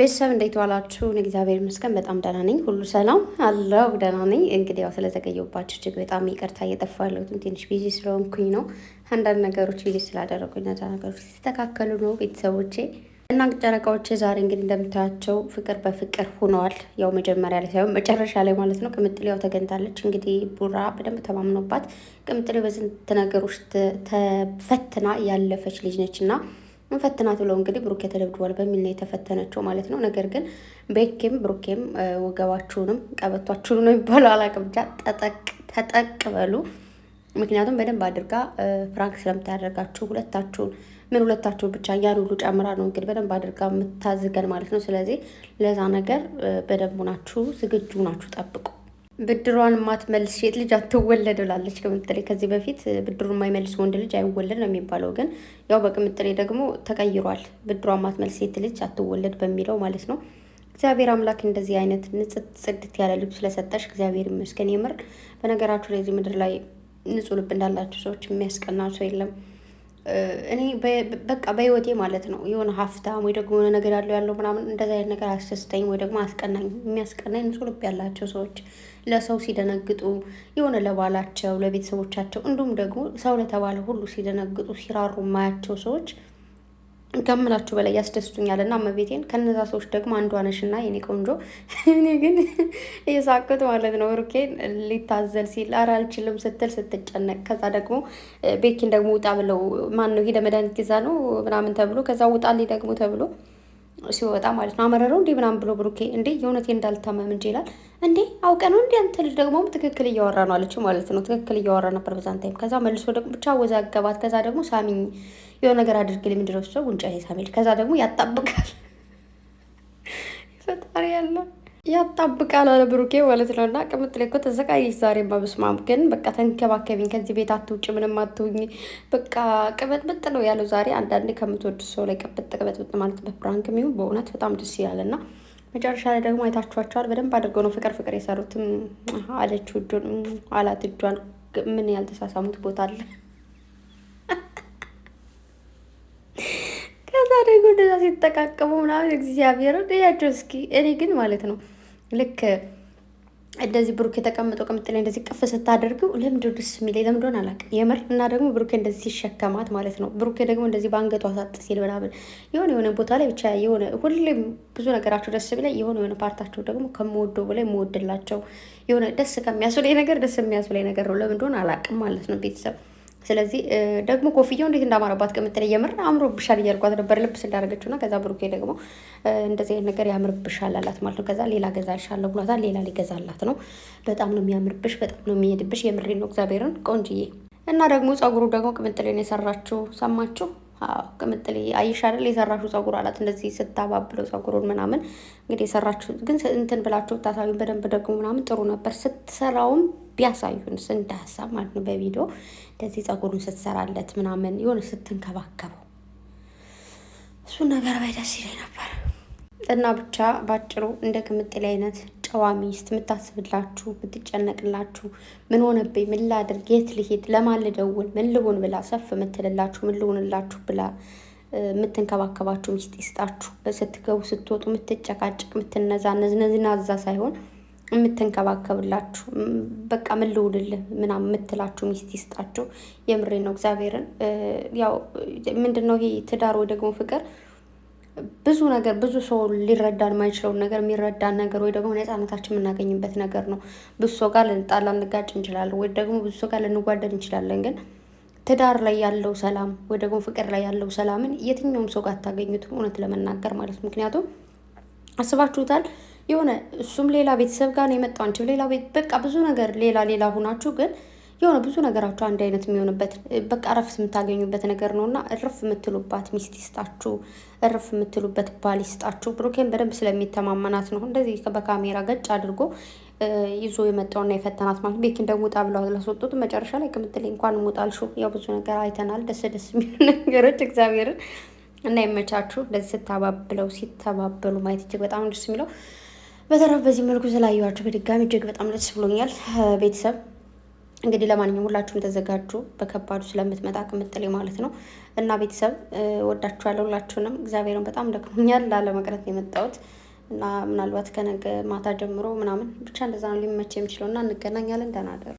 ቤተሰብ እንዴት ዋላችሁን? እግዚአብሔር ይመስገን በጣም ደህና ነኝ። ሁሉ ሰላም አለው፣ ደህና ነኝ። እንግዲህ ያው ስለዘገየሁባችሁ እጅግ በጣም ይቅርታ። እየጠፋሁ ያለሁትም ትንሽ ቢዚ ስለሆንኩኝ ነው። አንዳንድ ነገሮች ቢዚ ስላደረጉኝ እነዛ ነገሮች ሲስተካከሉ ነው ቤተሰቦቼ እና ጨረቃዎች ዛሬ እንግዲህ እንደምታያቸው ፍቅር በፍቅር ሆነዋል። ያው መጀመሪያ ላይ ሳይሆን መጨረሻ ላይ ማለት ነው። ቅምጥሌ ያው ተገኝታለች። እንግዲህ ቡራ በደንብ ተማምኖባት፣ ቅምጥሌ በስንት ነገሮች ተፈትና ያለፈች ልጅ ነች እና እንፈትናት ብለው እንግዲህ ብሩኬ ተደብድቧል በሚል ነው የተፈተነችው ማለት ነው። ነገር ግን ቤኬም ብሩኬም ወገባችሁንም ቀበቷችሁን ነው የሚባለው አላቅም ብቻ ተጠቅ በሉ። ምክንያቱም በደንብ አድርጋ ፍራንክ ስለምታደርጋችሁ ሁለታችሁን ምን ሁለታችሁን ብቻ እያን ሁሉ ጨምራ ነው እንግዲህ በደንብ አድርጋ የምታዝገን ማለት ነው። ስለዚህ ለዛ ነገር በደንቡ ናችሁ፣ ዝግጁ ናችሁ፣ ጠብቁ። ብድሯን ማትመልስ ሴት ልጅ አትወለድ ብላለች ቅምጥሌ። ከዚህ በፊት ብድሩ የማይመልስ ወንድ ልጅ አይወለድ ነው የሚባለው፣ ግን ያው በቅምጥሌ ደግሞ ተቀይሯል። ብድሯን ማትመልስ ሴት ልጅ አትወለድ በሚለው ማለት ነው። እግዚአብሔር አምላክ እንደዚህ አይነት ንጽት ጽድት ያለ ልብ ስለሰጠሽ እግዚአብሔር ይመስገን። የምር በነገራችሁ ላይ እዚህ ምድር ላይ ንጹህ ልብ እንዳላቸው ሰዎች የሚያስቀና ሰው የለም። እኔ በቃ በህይወቴ ማለት ነው የሆነ ሀፍታም ወይ ደግሞ የሆነ ነገር ያለው ያለው ምናምን እንደዚ አይነት ነገር አስደስተኝ ወይ ደግሞ አስቀናኝ። የሚያስቀናኝ ንጹህ ልብ ያላቸው ሰዎች ለሰው ሲደነግጡ የሆነ ለባላቸው፣ ለቤተሰቦቻቸው እንዲሁም ደግሞ ሰው ለተባለ ሁሉ ሲደነግጡ ሲራሩ ማያቸው ሰዎች ከምላችሁ በላይ ያስደስቱኛል እና እመቤቴን ከነዛ ሰዎች ደግሞ አንዷ ነሽና የኔ ቆንጆ። እኔ ግን የሳቅሁት ማለት ነው ብሩኬን ሊታዘል ሲል ኧረ አልችልም ስትል ስትጨነቅ፣ ከዛ ደግሞ ቤኪን ደግሞ ውጣ ብለው ማን ነው ሄደ መድኃኒት ይዛ ነው ምናምን ተብሎ ከዛ ውጣ ደግሞ ተብሎ ሲወጣ ማለት ነው። አመረረው እንዲህ ምናምን ብሎ ብሩኬ እንዴ የእውነቴ እንዳልታመም እንጂ ይላል። እንዴ አውቀ ነው እንዴ አንተ ልጅ ደግሞ ትክክል እያወራ ነው አለች ማለት ነው። ትክክል እያወራ ነበር በዛን ታይም። ከዛ መልሶ ደግሞ ብቻ አወዛገባት። ከዛ ደግሞ ሳሚኝ የሆነ ነገር አድርግልኝ ምንድን ነው ጉንጫ ሳሚል። ከዛ ደግሞ ያጣብቃል ፈጣሪ ያለው ያጣብቃል አለ ብሩኬ ማለት ነው። እና ቅምጥሌ እኮ ተዘጋጀች ዛሬ በብስማም ግን በቃ ተንከባከቢኝ፣ ከዚህ ቤት አትውጭ፣ ምንም አትውኝ፣ በቃ ቅበጥብጥ ነው ያለው ዛሬ። አንዳንዴ ከምትወዱ ሰው ላይ ቅበጥ ቅበጥብጥ ማለት በፍራንክ የሚሆን በእውነት በጣም ደስ ይላል። እና መጨረሻ ላይ ደግሞ አይታችኋቸዋል። በደንብ አድርገው ነው ፍቅር ፍቅር የሰሩትም አለች እጁን አላት እጇን። ምን ያልተሳሳሙት ቦታ አለ። ከዛ ደግሞ እንደዛ ሲጠቃቀሙ ምናምን እግዚአብሔር ያቸው። እስኪ እኔ ግን ማለት ነው ልክ እንደዚህ ብሩኬ ተቀምጦ ቅምጥ ላይ እንደዚህ ቅፍ ስታደርገው ለምንድን ደስ የሚለኝ ለምንድን አላውቅም፣ የምር እና ደግሞ ብሩኬ እንደዚህ ሲሸከማት ማለት ነው። ብሩኬ ደግሞ እንደዚህ በአንገቷ ሳጥ ሲል ምናምን የሆነ የሆነ ቦታ ላይ ብቻ የሆነ ሁሌም ብዙ ነገራቸው ደስ ብለኝ የሆነ የሆነ ፓርታቸው ደግሞ ከምወደው በላይ የምወድላቸው የሆነ ደስ ከሚያስብለኝ ነገር ደስ የሚያስብለኝ ነገር ነው። ለምንድን አላውቅም ማለት ነው ቤተሰብ ስለዚህ ደግሞ ኮፍያው እንዴት እንዳማረባት ቅምጥል የምር አምሮብሻል እያልኳት ነበር ልብስ እንዳደረገችው እና ከዛ ብሩኬ ደግሞ እንደዚህ አይነት ነገር ያምርብሻል አላት ማለት ነው። ከዛ ሌላ ገዛልሻለሁ ብሏታል። ሌላ ሊገዛላት ነው። በጣም ነው የሚያምርብሽ፣ በጣም ነው የሚሄድብሽ። የምሬ ነው እግዚአብሔርን ቆንጅዬ። እና ደግሞ ጸጉሩ ደግሞ ቅምጥልን የሰራችው ሰማችሁ? አዎ ቅምጥል አየሽ አይደል? የሰራችሁ ጸጉር አላት እንደዚህ ስታባብለው ጸጉሩን ምናምን እንግዲህ የሰራችሁ ግን እንትን ብላችሁ ብታሳዩ በደንብ ደግሞ ምናምን ጥሩ ነበር ስትሰራውም ቢያሳዩን እንደ ሀሳብ ማለት ነው። በቪዲዮ እንደዚህ ጸጉሩን ስትሰራለት ምናምን የሆነ ስትንከባከበው እሱ ነገር ባይ ደስ ይለኝ ነበር። እና ብቻ ባጭሩ እንደ ቅምጥሌ አይነት ጨዋ ሚስት የምታስብላችሁ ምትጨነቅላችሁ ምን ሆነብኝ፣ ምን ላድርግ፣ የት ልሄድ፣ ለማን ልደውል፣ ምን ልሁን ብላ ሰፍ የምትልላችሁ ምን ልሁንላችሁ ብላ የምትንከባከባችሁ ሚስት ይስጣችሁ። ስትገቡ ስትወጡ የምትጨቃጭቅ የምትነዛነዝ ነዝናዛ ሳይሆን የምትንከባከብላችሁ በቃ ምን ልውልልህ ምናምን የምትላችሁ ሚስት ይስጣችሁ። የምሬ ነው እግዚአብሔርን። ያው ምንድን ነው ይሄ ትዳር ወይ ደግሞ ፍቅር ብዙ ነገር ብዙ ሰው ሊረዳን የማይችለውን ነገር የሚረዳን ነገር ወይ ደግሞ ነፃነታችን የምናገኝበት ነገር ነው። ብዙ ሰው ጋር ልንጣላ ልንጋጭ እንችላለን፣ ወይ ደግሞ ብዙ ሰው ጋር ልንጓደል እንችላለን። ግን ትዳር ላይ ያለው ሰላም ወይ ደግሞ ፍቅር ላይ ያለው ሰላምን የትኛውም ሰው ጋር አታገኙትም፣ እውነት ለመናገር ማለት ምክንያቱም አስባችሁታል የሆነ እሱም ሌላ ቤተሰብ ጋር ነው የመጣው፣ አንቺም ሌላ ቤት በቃ ብዙ ነገር ሌላ ሌላ ሁናችሁ ግን የሆነ ብዙ ነገራችሁ አንድ አይነት የሚሆንበት በቃ እረፍት የምታገኙበት ነገር ነው እና እርፍ የምትሉባት ሚስት ይስጣችሁ፣ እርፍ የምትሉበት ባል ይስጣችሁ። ብሩኬን በደንብ ስለሚተማመናት ነው እንደዚህ በካሜራ ገጭ አድርጎ ይዞ የመጣውና የፈተናት ማለት ቤኪን ደግሞ ውጣ ብለው ላስወጡት። መጨረሻ ላይ ቅምጥል እንኳን ሙጣልሹ ያው ብዙ ነገር አይተናል። ደስ ደስ የሚሉ ነገሮች እግዚአብሔርን እና የመቻችሁ ለዚህ ስታባብለው ሲተባበሉ ማየት እጅግ በጣም ደስ የሚለው በተረፍ በዚህ መልኩ ስላየኋችሁ በድጋሚ እጅግ በጣም ደስ ብሎኛል። ቤተሰብ እንግዲህ ለማንኛውም ሁላችሁም ተዘጋጁ፣ በከባዱ ስለምትመጣ ቅምጥሌ ማለት ነው። እና ቤተሰብ ወዳችኋለሁ ሁላችሁንም። እግዚአብሔርን በጣም ደክሞኛል፣ ላለመቅረት ነው የመጣሁት እና ምናልባት ከነገ ማታ ጀምሮ ምናምን ብቻ እንደዛ ነው ሊመች የሚችለው እና እንገናኛለን። ደህና እደሩ።